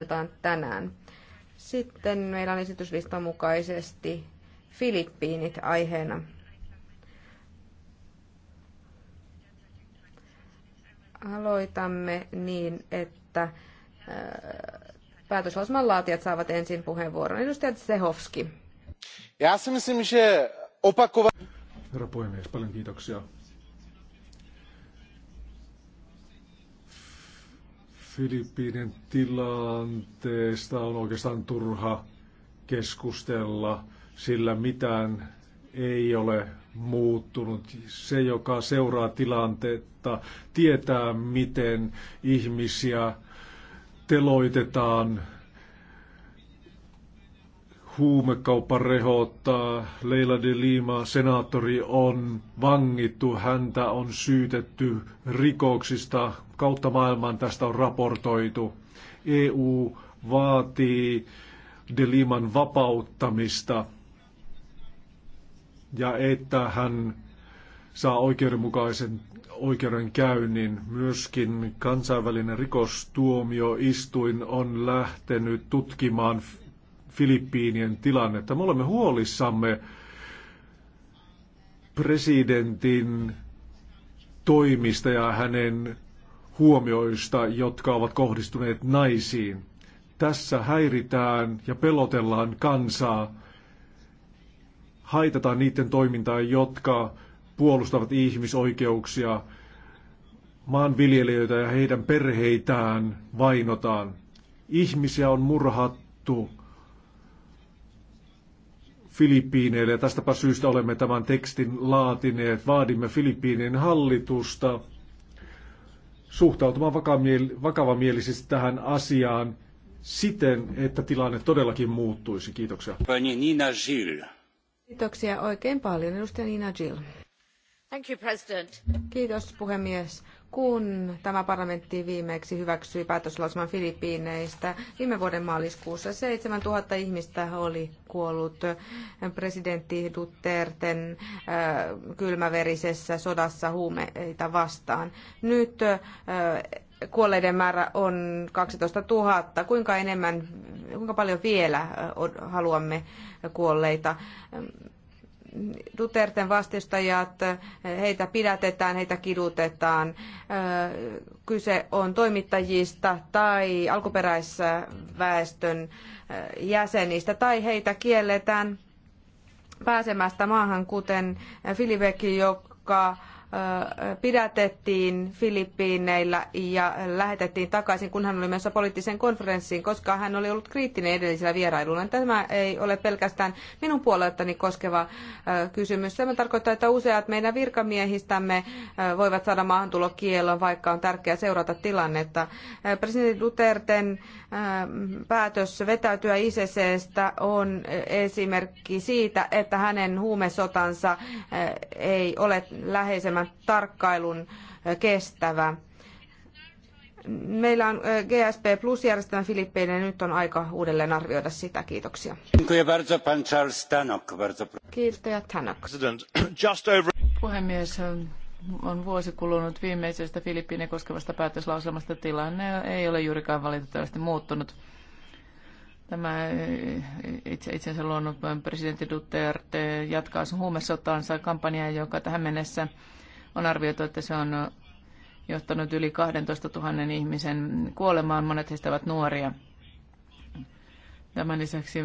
otetaan tänään. Sitten meillä on esityslistan mukaisesti Filippiinit aiheena. Aloitamme niin, että äh, päätöslausman laatijat saavat ensin puheenvuoron. Edustaja Sehovski. Herra puhemies, paljon kiitoksia. Filippiinien tilanteesta on oikeastaan turha keskustella, sillä mitään ei ole muuttunut. Se, joka seuraa tilanteetta, tietää, miten ihmisiä teloitetaan huumekauppa rehottaa. Leila de Lima, senaattori, on vangittu. Häntä on syytetty rikoksista. Kautta maailman tästä on raportoitu. EU vaatii de Liman vapauttamista ja että hän saa oikeudenmukaisen oikeudenkäynnin. Myöskin kansainvälinen rikostuomioistuin on lähtenyt tutkimaan Filippiinien tilannetta. Me olemme huolissamme presidentin toimista ja hänen huomioista, jotka ovat kohdistuneet naisiin. Tässä häiritään ja pelotellaan kansaa, haitataan niiden toimintaa, jotka puolustavat ihmisoikeuksia, maanviljelijöitä ja heidän perheitään vainotaan. Ihmisiä on murhattu, Filippiineille ja tästäpä syystä olemme tämän tekstin laatineet. Vaadimme Filippiinien hallitusta suhtautumaan vakavamielisesti tähän asiaan siten, että tilanne todellakin muuttuisi. Kiitoksia. Nina Gil. Kiitoksia oikein paljon, edustaja Nina Jill. Thank you, President. Kiitos puhemies kun tämä parlamentti viimeksi hyväksyi päätöslausuman Filippiineistä viime vuoden maaliskuussa. 7000 ihmistä oli kuollut presidentti Duterten äh, kylmäverisessä sodassa huumeita vastaan. Nyt äh, kuolleiden määrä on 12 000. Kuinka enemmän, kuinka paljon vielä äh, haluamme kuolleita? Ähm, Duterten vastustajat, heitä pidätetään, heitä kidutetaan. Kyse on toimittajista tai alkuperäisväestön jäsenistä tai heitä kielletään pääsemästä maahan, kuten Filibeki, joka pidätettiin Filippiineillä ja lähetettiin takaisin, kun hän oli menossa poliittiseen konferenssiin, koska hän oli ollut kriittinen edellisellä vierailulla. Tämä ei ole pelkästään minun puoleltani koskeva kysymys. Tämä tarkoittaa, että useat meidän virkamiehistämme voivat saada maahantulokielon, vaikka on tärkeää seurata tilannetta. Presidentti Duterten päätös vetäytyä ICCstä on esimerkki siitä, että hänen huumesotansa ei ole läheisen tämän tarkkailun kestävä. Meillä on GSP Plus-järjestelmä Filippiinen, nyt on aika uudelleen arvioida sitä. Kiitoksia. Kiitoksia, Tanok. Puhemies, on vuosi kulunut viimeisestä Filippiinien koskevasta päätöslauselmasta tilanne ei ole juurikaan valitettavasti muuttunut. Tämä itse itsensä luonut presidentti Duterte jatkaa huumesotaansa kampanjaa, joka tähän mennessä on arvioitu, että se on johtanut yli 12 000 ihmisen kuolemaan. Monet heistä ovat nuoria. Tämän lisäksi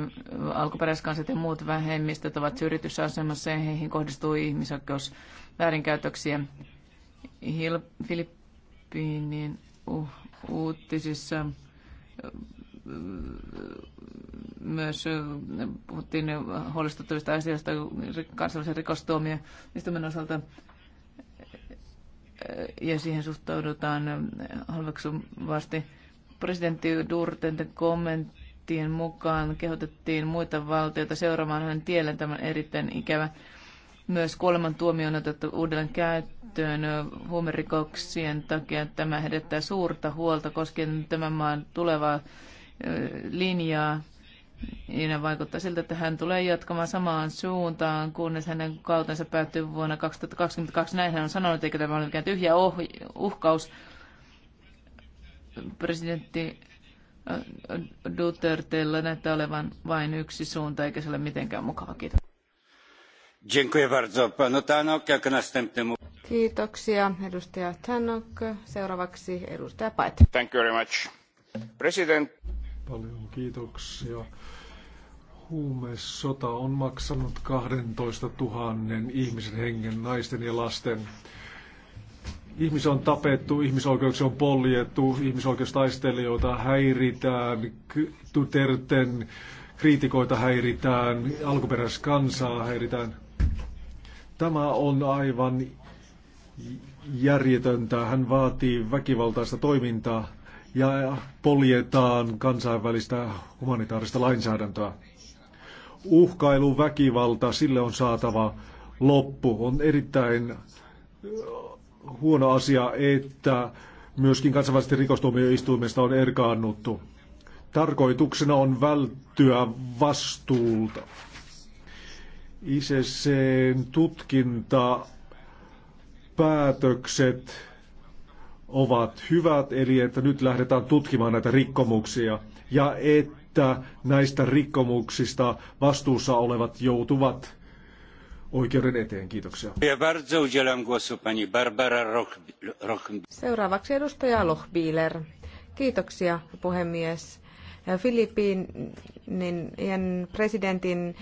alkuperäiskansat ja muut vähemmistöt ovat syrjityssä ja heihin kohdistuu ihmisoikeus väärinkäytöksiä. Hil- Filippiinien uh, uutisissa äh, myös äh, puhuttiin huolestuttavista asioista kansallisen rikostuomioistuimen osalta ja siihen suhtaudutaan halveksuvasti. Presidentti Durten kommenttien mukaan kehotettiin muita valtioita seuraamaan hänen tiellen tämän erittäin ikävä. Myös kuoleman tuomio on otettu uudelleen käyttöön huumerikoksien takia. Tämä herättää suurta huolta koskien tämän maan tulevaa linjaa Iina vaikuttaa siltä, että hän tulee jatkamaan samaan suuntaan, kunnes hänen kautensa päättyy vuonna 2022. Näin hän on sanonut, eikä tämä ole mikään tyhjä uhkaus. Presidentti äh, Dutertella näyttää olevan vain yksi suunta, eikä se ole mitenkään mukava. Kiitos. Kiitoksia, edustaja Tannock. Seuraavaksi edustaja Paet. Thank you very much. President Paljon kiitoksia. Huumesota on maksanut 12 000 ihmisen hengen, naisten ja lasten. Ihmisiä on tapettu, ihmisoikeuksia on poljettu, ihmisoikeustaistelijoita häiritään, tuterten kriitikoita häiritään, alkuperäiskansaa häiritään. Tämä on aivan järjetöntä. Hän vaatii väkivaltaista toimintaa ja poljetaan kansainvälistä humanitaarista lainsäädäntöä. Uhkailu, väkivalta, sille on saatava loppu. On erittäin äh, huono asia, että myöskin kansainvälisesti rikostuomioistuimesta on erkaannuttu. Tarkoituksena on välttyä vastuulta. ICCn tutkinta päätökset ovat hyvät, eli että nyt lähdetään tutkimaan näitä rikkomuksia ja että näistä rikkomuksista vastuussa olevat joutuvat oikeuden eteen. Kiitoksia. Seuraavaksi edustaja Lohbiler. Kiitoksia puhemies. Filippiinien presidentin eh,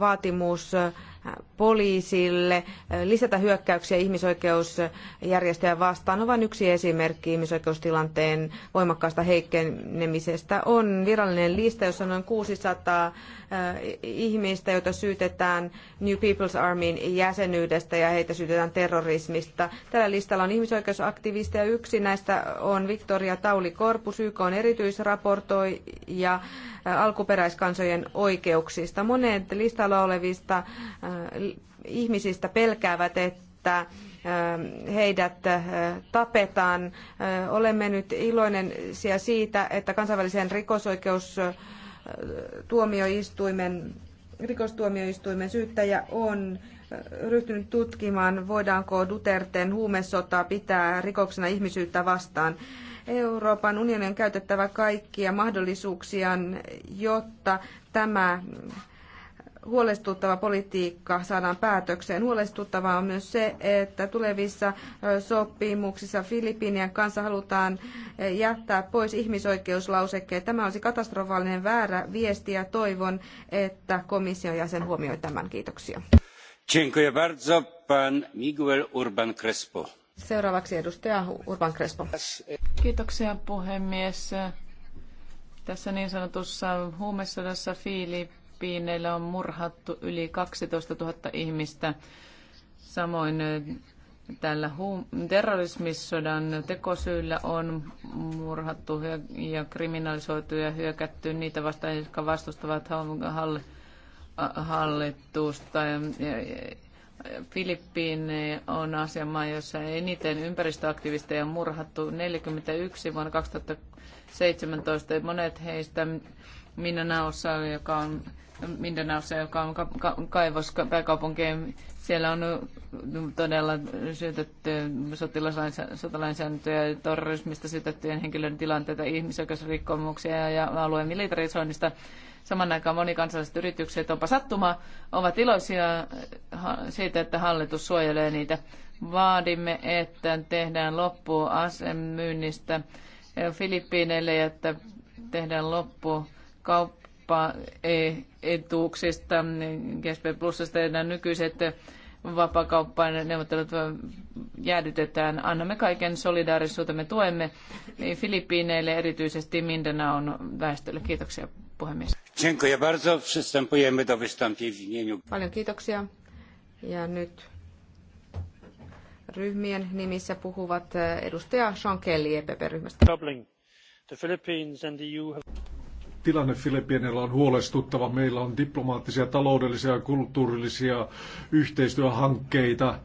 vaatimus eh, Äh, poliisille, äh, lisätä hyökkäyksiä ihmisoikeusjärjestöjä vastaan, vain yksi esimerkki ihmisoikeustilanteen voimakkaasta heikkenemisestä. On virallinen lista, jossa on noin 600 äh, ihmistä, joita syytetään New People's Armyin jäsenyydestä ja heitä syytetään terrorismista. Tällä listalla on ihmisoikeusaktivisteja. Yksi näistä on Victoria Tauli Korpus, YK on erityisraportoija alkuperäiskansojen oikeuksista. Monet listalla olevista ihmisistä pelkäävät, että heidät tapetaan. Olemme nyt iloinen siitä, että kansainvälisen rikosoikeustuomioistuimen rikostuomioistuimen syyttäjä on ryhtynyt tutkimaan, voidaanko Duterten huumesota pitää rikoksena ihmisyyttä vastaan. Euroopan unionin on käytettävä kaikkia mahdollisuuksiaan, jotta tämä huolestuttava politiikka saadaan päätökseen. Huolestuttavaa on myös se, että tulevissa sopimuksissa Filippiinien kanssa halutaan jättää pois ihmisoikeuslausekkeet. Tämä olisi katastrofaalinen väärä viesti ja toivon, että ja jäsen huomioi tämän. Kiitoksia. Dziękuję bardzo, pan Miguel Urban Crespo. Seuraavaksi edustaja Urban Crespo. Kiitoksia puhemies. Tässä niin sanotussa huumesodassa Filippi Filippiineillä on murhattu yli 12 000 ihmistä. Samoin tällä terrorismissodan tekosyillä on murhattu ja kriminalisoitu ja hyökätty niitä vastaan, jotka vastustavat hallitusta. Filippiine on asema, jossa eniten ympäristöaktivisteja on murhattu 41 vuonna 2017. Monet heistä Mindanaossa, joka on Mindanaussa, joka on ka- ka- kaivos Siellä on mm, todella syytetty sotilaslainsäädäntöjä, terrorismista syytettyjen henkilöiden tilanteita, ihmisoikeusrikkomuksia ja alueen militarisoinnista. Saman aikaan monikansalliset yritykset, onpa sattuma, ovat iloisia siitä, että hallitus suojelee niitä. Vaadimme, että tehdään loppu asemyynnistä Filippiineille ja että tehdään loppu kauppaetuuksista, GSP Plusasta ja nykyiset vapakauppaan neuvottelut jäädytetään. Annamme kaiken solidaarisuutemme, tuemme niin Filippiineille, erityisesti Mindanaon väestölle. Kiitoksia puhemies. bardzo. Przystępujemy do Paljon kiitoksia. Ja nyt ryhmien nimissä puhuvat e, edustaja Sean Kelly EPP-ryhmästä. Dublin. The Philippines and the EU have tilanne Filippiineillä on huolestuttava. Meillä on diplomaattisia, taloudellisia ja kulttuurillisia yhteistyöhankkeita.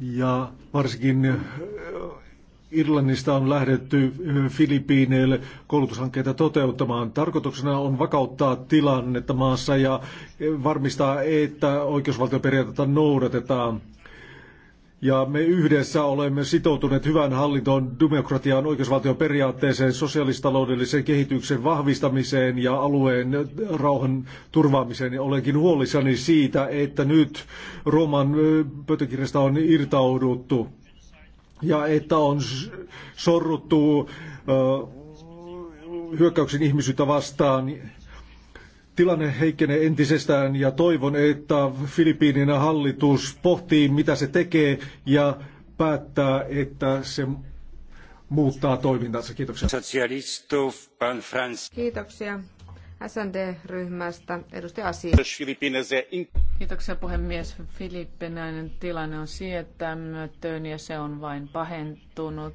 Ja varsinkin eh, Irlannista on lähdetty eh, Filippiineille koulutushankkeita toteuttamaan. Tarkoituksena on vakauttaa tilannetta maassa ja eh, varmistaa, että oikeusvaltioperiaatetta noudatetaan. Ja me yhdessä olemme sitoutuneet hyvään hallintoon, demokratiaan, oikeusvaltion periaatteeseen, sosiaalistaloudelliseen kehityksen vahvistamiseen ja alueen rauhan turvaamiseen. Ja olenkin huolissani siitä, että nyt Rooman pöytäkirjasta on irtauduttu ja että on sorruttu hyökkäyksen ihmisyyttä vastaan Tilanne heikkenee entisestään ja toivon, että Filippiinien hallitus pohtii, mitä se tekee ja päättää, että se muuttaa toimintansa. Kiitoksia. Kiitoksia. SND-ryhmästä. Edustaja Asi. Kiitoksia puhemies. Filippinäinen tilanne on sietämätön ja se on vain pahentunut.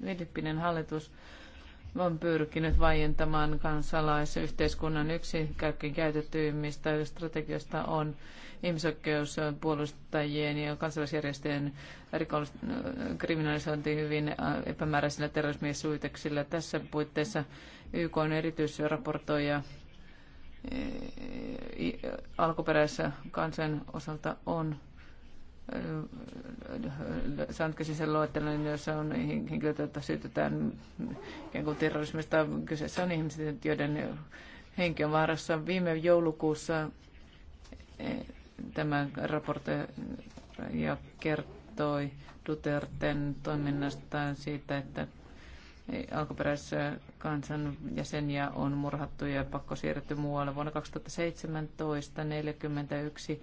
Filippinen hallitus on pyrkinyt vaientamaan kansalaisyhteiskunnan yksi kaikkein käytetyimmistä strategioista on ihmisoikeuspuolustajien ja kansalaisjärjestöjen rikollis- kriminalisointi hyvin äh, epämääräisillä terrorismisuiteksilla. Tässä puitteissa YK on erityisraportoija äh, alkuperäisessä kansan osalta on saanut käsinsä luettelon, jossa on henkilöitä, joita syytetään ikään kuin terrorismista. Kyseessä on ihmiset, joiden henki on vaarassa. Viime joulukuussa eh, tämä raportoija kertoi Duterten toiminnastaan siitä, että alkuperäiskansan jäseniä on murhattu ja pakko siirretty muualle. Vuonna 2017 41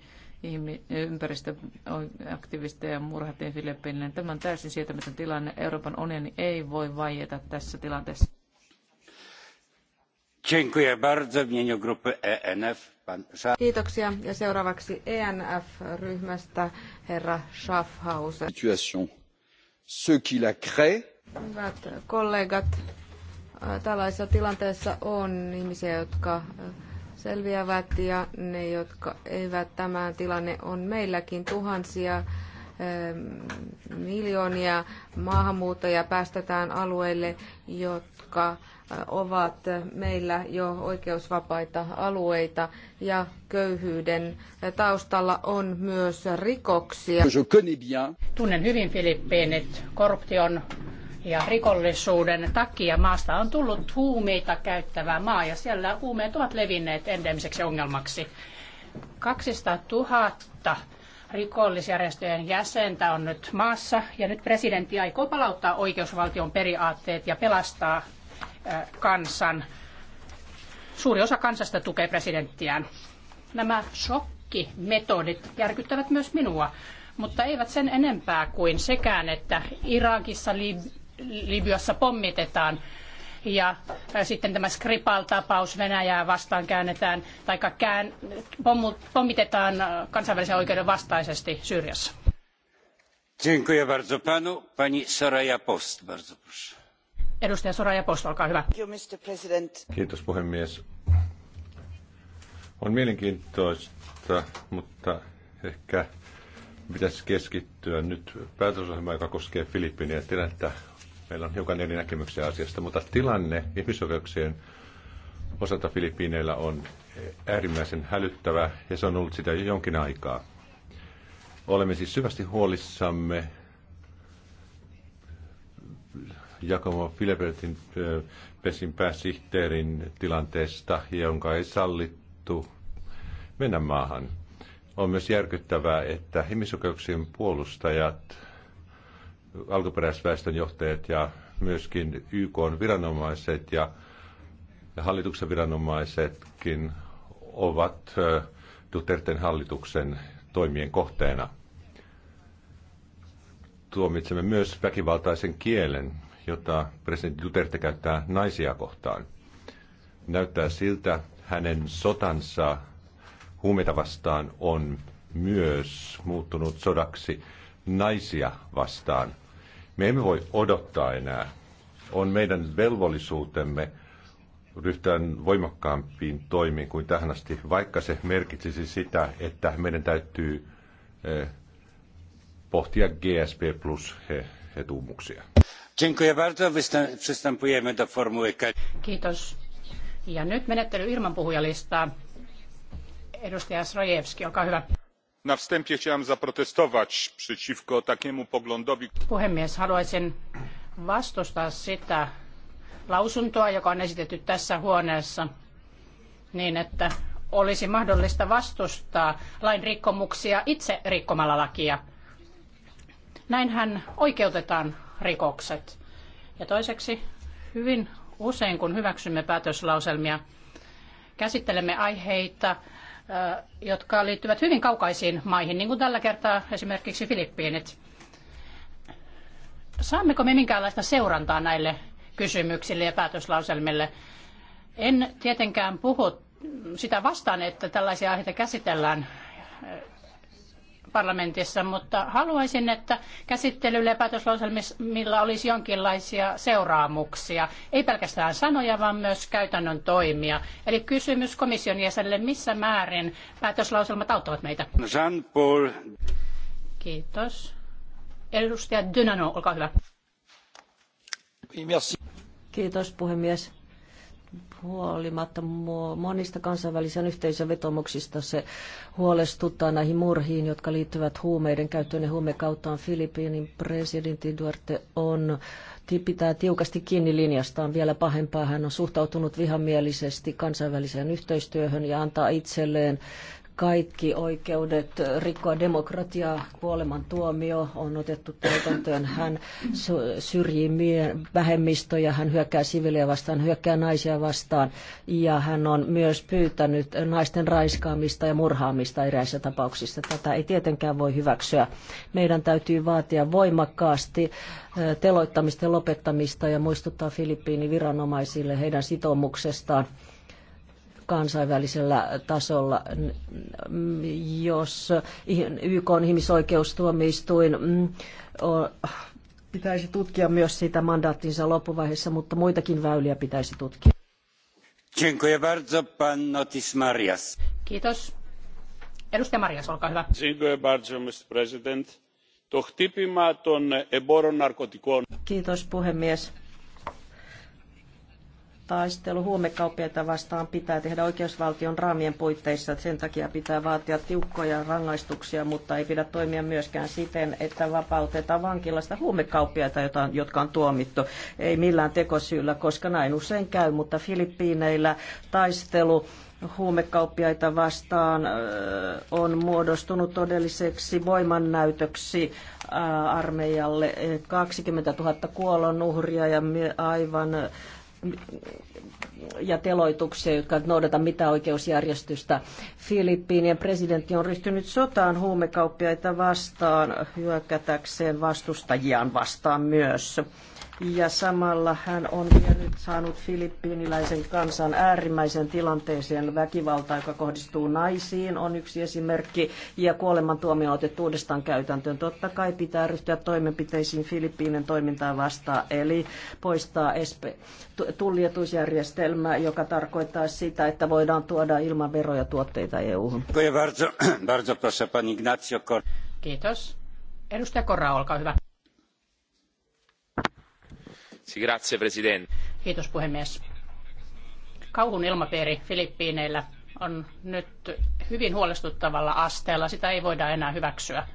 ympäristöaktivisteja murhattiin Filippiinille. Tämä on täysin sietämätön tilanne. Euroopan unioni ei voi vaieta tässä tilanteessa. E Kiitoksia. Ja seuraavaksi ENF-ryhmästä herra Schaffhausen. Situation. Ceux qui la créent Hyvät kollegat, äh, tällaisessa tilanteessa on ihmisiä, jotka äh, selviävät ja ne, jotka eivät. Tämä tilanne on meilläkin tuhansia äh, miljoonia maahanmuuttajia päästetään alueille, jotka ovat meillä jo oikeusvapaita alueita ja köyhyyden taustalla on myös rikoksia. Tunnen hyvin Filippiinit. Korruption ja rikollisuuden takia maasta on tullut huumeita käyttävä maa ja siellä huumeet ovat levinneet endemiseksi ongelmaksi. 200 000 rikollisjärjestöjen jäsentä on nyt maassa ja nyt presidentti aikoo palauttaa oikeusvaltion periaatteet ja pelastaa kansan. Suuri osa kansasta tukee presidenttiään. Nämä shokkimetodit järkyttävät myös minua, mutta eivät sen enempää kuin sekään, että Irakissa, Lib- Libyassa pommitetaan. Ja sitten tämä Skripal-tapaus Venäjää vastaan käännetään, tai kään, pommitetaan kansainvälisen oikeuden vastaisesti Syyriassa. Dziękuję bardzo panu. Pani Soraya Post, bardzo proszę. Edustaja Soraya Post, olkaa hyvä. Kiitos puhemies. On mielenkiintoista, mutta ehkä pitäisi keskittyä nyt päätösohjelmaan, joka koskee Filippiiniä tilannetta. Meillä on hiukan eri näkemyksiä asiasta, mutta tilanne ihmisoikeuksien osalta Filippiineillä on äärimmäisen hälyttävä ja se on ollut sitä jo jonkin aikaa. Olemme siis syvästi huolissamme Jakomo Filipeltin pesin pääsihteerin tilanteesta, jonka ei sallittu mennä maahan. On myös järkyttävää, että ihmisoikeuksien puolustajat alkuperäisväestön johtajat ja myöskin YK viranomaiset ja, ja hallituksen viranomaisetkin ovat Duterten hallituksen toimien kohteena. Tuomitsemme myös väkivaltaisen kielen, jota presidentti Duterte käyttää naisia kohtaan. Näyttää siltä, hänen sotansa huumeita vastaan on myös muuttunut sodaksi naisia vastaan – me emme voi odottaa enää. On meidän velvollisuutemme ryhtyä voimakkaampiin toimiin kuin tähän asti, vaikka se merkitsisi sitä, että meidän täytyy eh, pohtia GSP plus etuumuksia. Kiitos. Ja nyt menettely ilman puhujalistaa. Edustaja Srojevski, olkaa hyvä na wstępie chciałem zaprotestować przeciwko takiemu poglądowi. Puhemies, haluaisin vastustaa sitä lausuntoa, joka on esitetty tässä huoneessa, niin että olisi mahdollista vastustaa lain rikkomuksia itse rikkomalla lakia. Näinhän oikeutetaan rikokset. Ja toiseksi hyvin usein, kun hyväksymme päätöslauselmia, käsittelemme aiheita, jotka liittyvät hyvin kaukaisiin maihin, niin kuin tällä kertaa esimerkiksi Filippiinit. Saammeko me minkäänlaista seurantaa näille kysymyksille ja päätöslauselmille? En tietenkään puhu sitä vastaan, että tällaisia aiheita käsitellään parlamentissa, mutta haluaisin, että käsittelylle ja päätöslauselmilla olisi jonkinlaisia seuraamuksia. Ei pelkästään sanoja, vaan myös käytännön toimia. Eli kysymys komission jäsenelle, missä määrin päätöslauselmat auttavat meitä? Jean-Paul. Kiitos. Edustaja Dynano, olkaa hyvä. Kiitos puhemies huolimatta monista kansainvälisen yhteisön vetomuksista se huolestuttaa näihin murhiin, jotka liittyvät huumeiden käyttöön ja huumekauttaan. Filippiinin presidentti Duarte on pitää tiukasti kiinni linjastaan. Vielä pahempaa hän on suhtautunut vihamielisesti kansainväliseen yhteistyöhön ja antaa itselleen kaikki oikeudet rikkoa demokratiaa, kuolemantuomio on otettu täytäntöön. Hän syrjii vähemmistöjä, hän hyökkää siviilejä vastaan, hyökkää naisia vastaan ja hän on myös pyytänyt naisten raiskaamista ja murhaamista eräissä tapauksissa. Tätä ei tietenkään voi hyväksyä. Meidän täytyy vaatia voimakkaasti teloittamista ja lopettamista ja muistuttaa Filippiini viranomaisille heidän sitoumuksestaan kansainvälisellä tasolla, jos YK on ihmisoikeustuomioistuin mm, pitäisi tutkia myös sitä mandaattinsa loppuvaiheessa, mutta muitakin väyliä pitäisi tutkia. Dziękuję bardzo, pan Notis Marias. Kiitos. Edustaja Marias, olkaa hyvä. Dziękuję bardzo, Mr. President. Το χτύπημα των εμπόρων ναρκωτικών. Kiitos puhemies taistelu huumekauppiaita vastaan pitää tehdä oikeusvaltion raamien puitteissa. Sen takia pitää vaatia tiukkoja rangaistuksia, mutta ei pidä toimia myöskään siten, että vapautetaan vankilasta huumekauppiaita, jotka on tuomittu. Ei millään tekosyyllä, koska näin usein käy, mutta Filippiineillä taistelu huumekauppiaita vastaan on muodostunut todelliseksi voimannäytöksi armeijalle. 20 000 kuolonuhria ja aivan ja teloituksia, jotka noudata mitä oikeusjärjestystä. Filippiinien presidentti on ryhtynyt sotaan huumekauppiaita vastaan, hyökätäkseen vastustajiaan vastaan myös ja samalla hän on saanut filippiiniläisen kansan äärimmäisen tilanteeseen. Väkivalta, joka kohdistuu naisiin, on yksi esimerkki ja kuolemantuomio on otettu uudestaan käytäntöön. Totta kai pitää ryhtyä toimenpiteisiin Filippiinen toimintaa vastaan, eli poistaa espe- tuljetusjärjestelmä, joka tarkoittaa sitä, että voidaan tuoda ilman veroja tuotteita EU-hun. Kiitos. Edustaja Korra, olkaa hyvä. Grazie, Kiitos puhemies. Kauhun ilmapiiri Filippiineillä on nyt hyvin huolestuttavalla asteella. Sitä ei voida enää hyväksyä.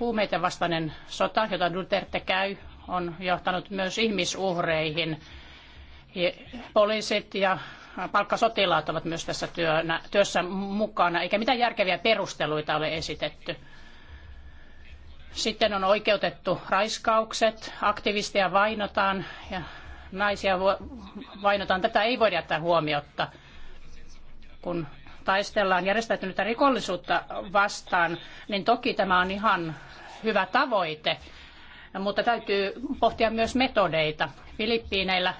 Huumeiden vastainen sota, jota Duterte käy, on johtanut myös ihmisuhreihin. Poliisit ja palkkasotilaat ovat myös tässä työssä mukana, eikä mitään järkeviä perusteluita ole esitetty. Sitten on oikeutettu raiskaukset, aktivisteja vainotaan ja naisia vainotaan. Tätä ei voida jättää huomiotta, kun taistellaan järjestäytynyttä rikollisuutta vastaan, niin toki tämä on ihan hyvä tavoite, mutta täytyy pohtia myös metodeita. Filippiineillä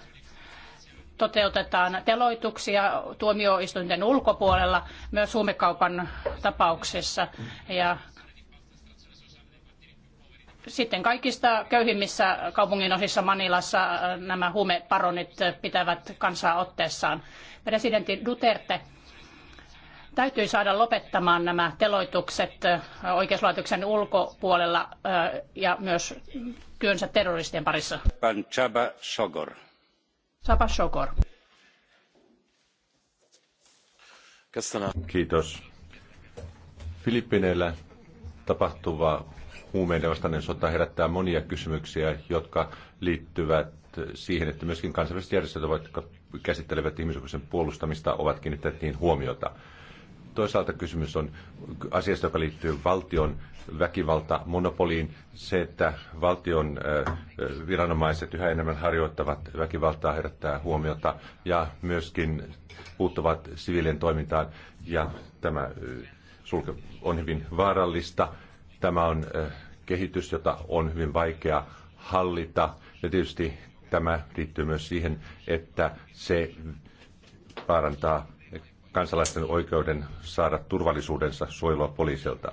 toteutetaan teloituksia tuomioistuinten ulkopuolella myös huumekaupan tapauksessa ja sitten kaikista köyhimmissä kaupunginosissa Manilassa äh, nämä huumeparonit äh, pitävät kansaa otteessaan. Presidentti Duterte täytyy saada lopettamaan nämä teloitukset äh, oikeuslaitoksen ulkopuolella ja myös työnsä terroristien parissa. Pan Sogor. Chaba Sogor. Kiitos. Filippineillä tapahtuva huumeiden vastainen sota herättää monia kysymyksiä, jotka liittyvät siihen, että myöskin kansainväliset järjestöt, jotka käsittelevät ihmisoikeuksien puolustamista, ovat kiinnittäneet niihin huomiota. Toisaalta kysymys on asiasta, joka liittyy valtion väkivalta monopoliin. Se, että valtion viranomaiset yhä enemmän harjoittavat väkivaltaa, herättää huomiota ja myöskin puuttuvat siviilien toimintaan. Ja tämä sulke on hyvin vaarallista Tämä on kehitys, jota on hyvin vaikea hallita. Ja tietysti tämä liittyy myös siihen, että se vaarantaa kansalaisten oikeuden saada turvallisuudensa suojelua poliisilta.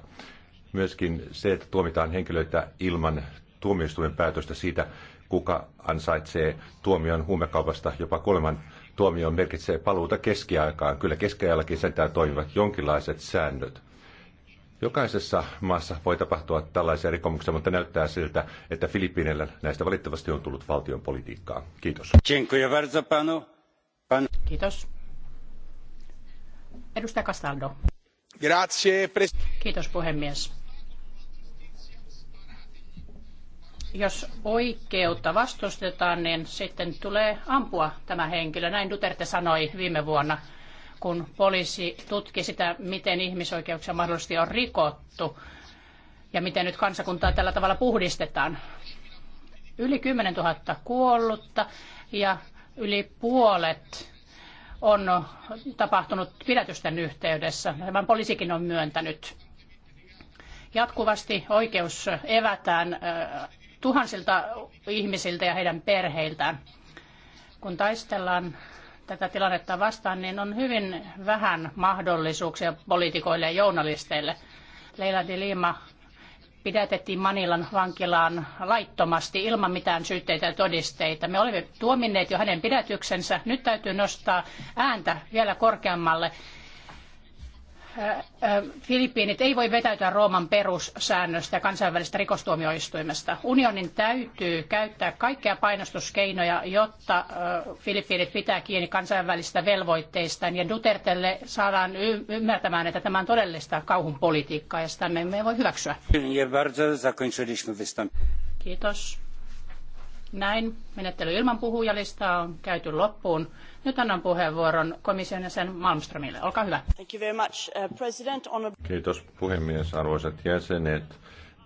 Myöskin se, että tuomitaan henkilöitä ilman tuomioistuimen päätöstä siitä, kuka ansaitsee tuomion huumekaupasta jopa kolman tuomion merkitsee paluuta keskiaikaan. Kyllä keskiajallakin sentään toimivat jonkinlaiset säännöt. Jokaisessa maassa voi tapahtua tällaisia rikkomuksia, mutta näyttää siltä, että Filippiineillä näistä valitettavasti on tullut valtion politiikkaa. Kiitos. Kiitos. Edustaja Castaldo. Grazie, Kiitos puhemies. Jos oikeutta vastustetaan, niin sitten tulee ampua tämä henkilö. Näin Duterte sanoi viime vuonna kun poliisi tutki sitä, miten ihmisoikeuksia mahdollisesti on rikottu ja miten nyt kansakuntaa tällä tavalla puhdistetaan. Yli 10 000 kuollutta ja yli puolet on tapahtunut pidätysten yhteydessä. Tämän poliisikin on myöntänyt. Jatkuvasti oikeus evätään tuhansilta ihmisiltä ja heidän perheiltään. Kun taistellaan tätä tilannetta vastaan, niin on hyvin vähän mahdollisuuksia poliitikoille ja journalisteille. Leila de Lima pidätettiin Manilan vankilaan laittomasti ilman mitään syytteitä ja todisteita. Me olemme tuominneet jo hänen pidätyksensä. Nyt täytyy nostaa ääntä vielä korkeammalle Äh, äh, Filippiinit ei voi vetäytyä Rooman perussäännöstä ja kansainvälisestä rikostuomioistuimesta. Unionin täytyy käyttää kaikkia painostuskeinoja, jotta äh, Filippiinit pitää kiinni kansainvälistä velvoitteistaan ja Dutertelle saadaan ymmärtämään, että tämä on todellista kauhun politiikkaa ja sitä me emme voi hyväksyä. Kiitos. Näin. Menettely ilman puhujalistaa on käyty loppuun. Nyt annan puheenvuoron komission jäsen Malmströmille. Olkaa hyvä. Thank you very much, uh, President. Kiitos puhemies, arvoisat jäsenet.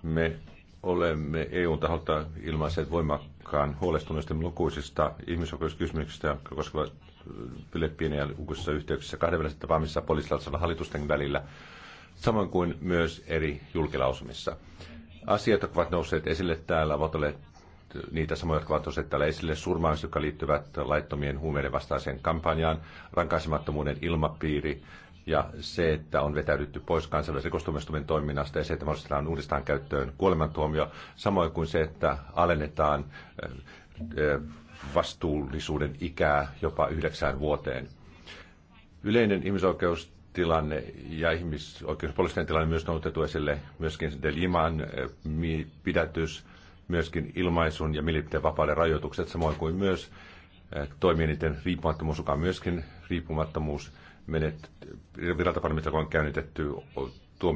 Me olemme EUn taholta ilmaiset voimakkaan huolestuneista lukuisista ihmisoikeuskysymyksistä, jotka koskevat uh, ja lukuisissa yhteyksissä kahdenvälisissä tapaamisissa poliisilaitoksella hallitusten välillä, samoin kuin myös eri julkilausumissa. Asiat, jotka ovat nousseet esille täällä, ovat olleet niitä samoja, jotka ovat tosiaan täällä esille, surmaus, jotka liittyvät laittomien huumeiden vastaiseen kampanjaan, rankaisemattomuuden ilmapiiri, ja se, että on vetäydytty pois kansainvälisen rikostuomioistuimen toiminnasta ja se, että mahdollistetaan uudestaan käyttöön kuolemantuomio, samoin kuin se, että alennetaan eh, eh, vastuullisuuden ikää jopa yhdeksään vuoteen. Yleinen ihmisoikeustilanne ja ihmisoikeuspoliittinen tilanne myös noutettu esille, myöskin Deliman eh, pidätys, myöskin ilmaisun ja mielipiteen vapauden rajoitukset, samoin kuin myös eh, toimielinten riippumattomuus, joka on myöskin riippumattomuus, menet, viraltaparmista on käynnitetty tuo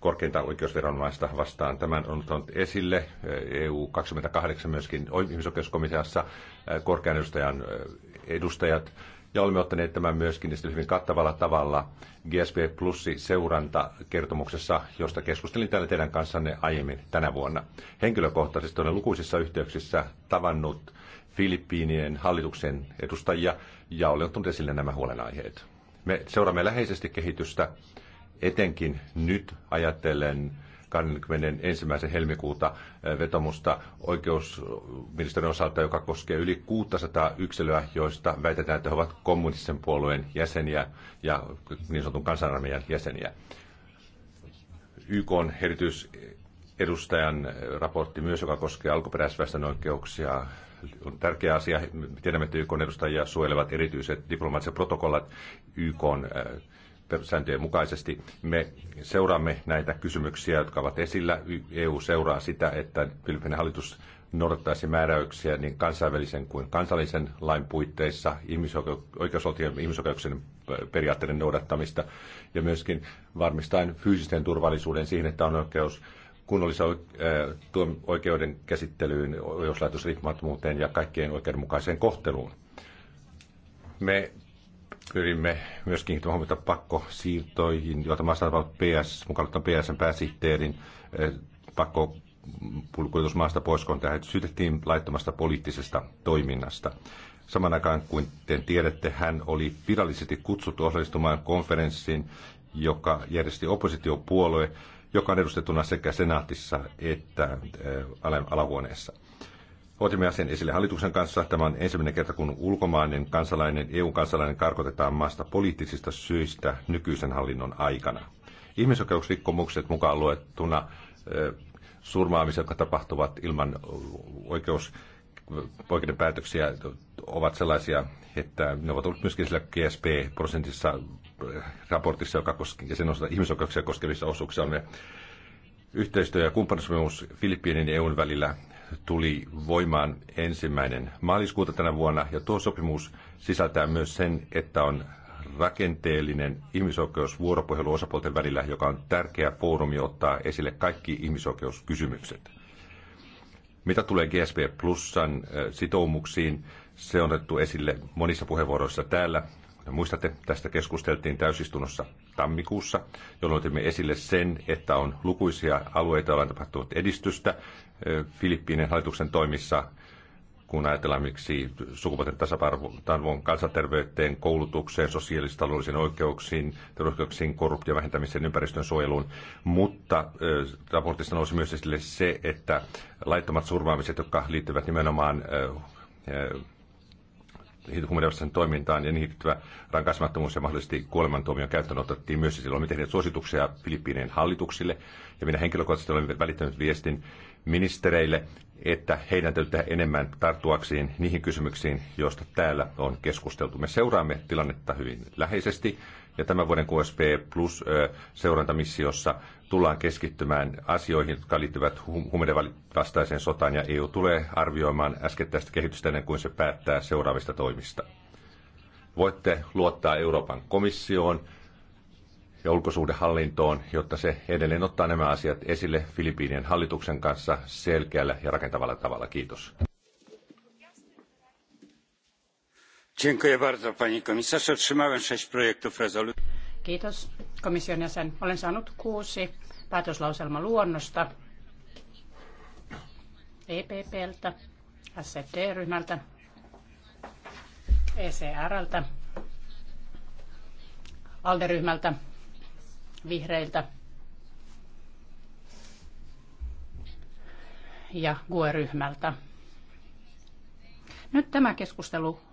korkeinta oikeusviranomaista vastaan. Tämän on ottanut esille EU eh, e 28 myöskin ihmisoikeuskomiteassa eh, korkean edustajan edustajat ja olemme ottaneet tämän myöskin hyvin kattavalla tavalla GSP Plussi seurantakertomuksessa, josta keskustelin täällä teidän kanssanne aiemmin tänä vuonna. Henkilökohtaisesti olen lukuisissa yhteyksissä tavannut Filippiinien hallituksen edustajia ja olen ottanut esille nämä huolenaiheet. Me seuraamme läheisesti kehitystä, etenkin nyt ajatellen 21. helmikuuta vetomusta oikeusministeriön osalta, joka koskee yli 600 yksilöä, joista väitetään, että he ovat kommunistisen puolueen jäseniä ja niin sanotun kansanarmeijan jäseniä. YK on erityisedustajan raportti myös, joka koskee alkuperäisväestön oikeuksia, on tärkeä asia. Tiedämme, että YK edustajia suojelevat erityiset diplomaattiset protokollat YK perussääntöjen mukaisesti. Me seuraamme näitä kysymyksiä, jotka ovat esillä. EU seuraa sitä, että Filippinen hallitus noudattaisi määräyksiä niin kansainvälisen kuin kansallisen lain puitteissa, ja ihmisoikeuksien periaatteiden noudattamista ja myöskin varmistaen fyysisen turvallisuuden siihen, että on oikeus kunnollisen äh, oikeuden käsittelyyn, oikeuslaitosriippumattomuuteen ja kaikkien oikeudenmukaiseen kohteluun. Me Pyrimme myöskin huomiota pakkosiirtoihin, joita maasta PS, mukaan PSn pääsihteerin eh, pakko maasta pois, kun tähän syytettiin laittomasta poliittisesta toiminnasta. Saman aikaan kuin te tiedätte, hän oli virallisesti kutsuttu osallistumaan konferenssiin, joka järjesti oppositiopuolue, joka on edustettuna sekä senaatissa että eh, alahuoneessa. Otimme asian esille hallituksen kanssa. Tämä on ensimmäinen kerta, kun ulkomainen kansalainen, EU-kansalainen karkotetaan maasta poliittisista syistä nykyisen hallinnon aikana. Ihmisoikeusrikkomukset mukaan luettuna surmaamiset, jotka tapahtuvat ilman oikeus, oikeuden päätöksiä, ovat sellaisia, että ne ovat olleet myöskin sillä GSP-prosentissa raportissa, joka koskee, ja sen osalta ihmisoikeuksia koskevissa osuuksissa on ne yhteistyö- ja kumppanisuus Filippiinin ja EUn välillä tuli voimaan ensimmäinen maaliskuuta tänä vuonna, ja tuo sopimus sisältää myös sen, että on rakenteellinen ihmisoikeusvuoropuhelu osapuolten välillä, joka on tärkeä foorumi ottaa esille kaikki ihmisoikeuskysymykset. Mitä tulee GSP Plusan äh, sitoumuksiin, se on otettu esille monissa puheenvuoroissa täällä. Ja muistatte, tästä keskusteltiin täysistunnossa tammikuussa, jolloin otimme esille sen, että on lukuisia alueita, joilla on tapahtunut edistystä Filippiinen hallituksen toimissa, kun ajatellaan miksi sukupuolten tasapainon kansanterveyteen, koulutukseen, sosiaalistaloudellisiin oikeuksiin, perusoikeuksiin, korruption vähentämiseen, ympäristön suojeluun. Mutta äh, raportissa nousi myös esille se, että laittomat surmaamiset, jotka liittyvät nimenomaan humanitaarisen toimintaan ja niihin liittyvä rankaisemattomuus ja mahdollisesti kuolemantuomion käyttöön otettiin myös silloin. me tehneet suosituksia Filippiinien hallituksille ja minä henkilökohtaisesti olen välittänyt viestin ministereille, että heidän täytyy tehdä enemmän tarttuakseen niihin kysymyksiin, joista täällä on keskusteltu. Me seuraamme tilannetta hyvin läheisesti ja tämän vuoden KSP+ Plus seurantamissiossa tullaan keskittymään asioihin, jotka liittyvät huumeiden vastaiseen sotaan, ja EU tulee arvioimaan äskettäistä kehitystä ennen kuin se päättää seuraavista toimista. Voitte luottaa Euroopan komissioon ja ulkosuhdehallintoon, jotta se edelleen ottaa nämä asiat esille Filippiinien hallituksen kanssa selkeällä ja rakentavalla tavalla. Kiitos. Kiitos komission jäsen. Olen saanut kuusi päätöslauselmaluonnosta EPPltä, SFD-ryhmältä, ECRltä, ALDE-ryhmältä, vihreiltä ja GUE-ryhmältä. Nyt tämä keskustelu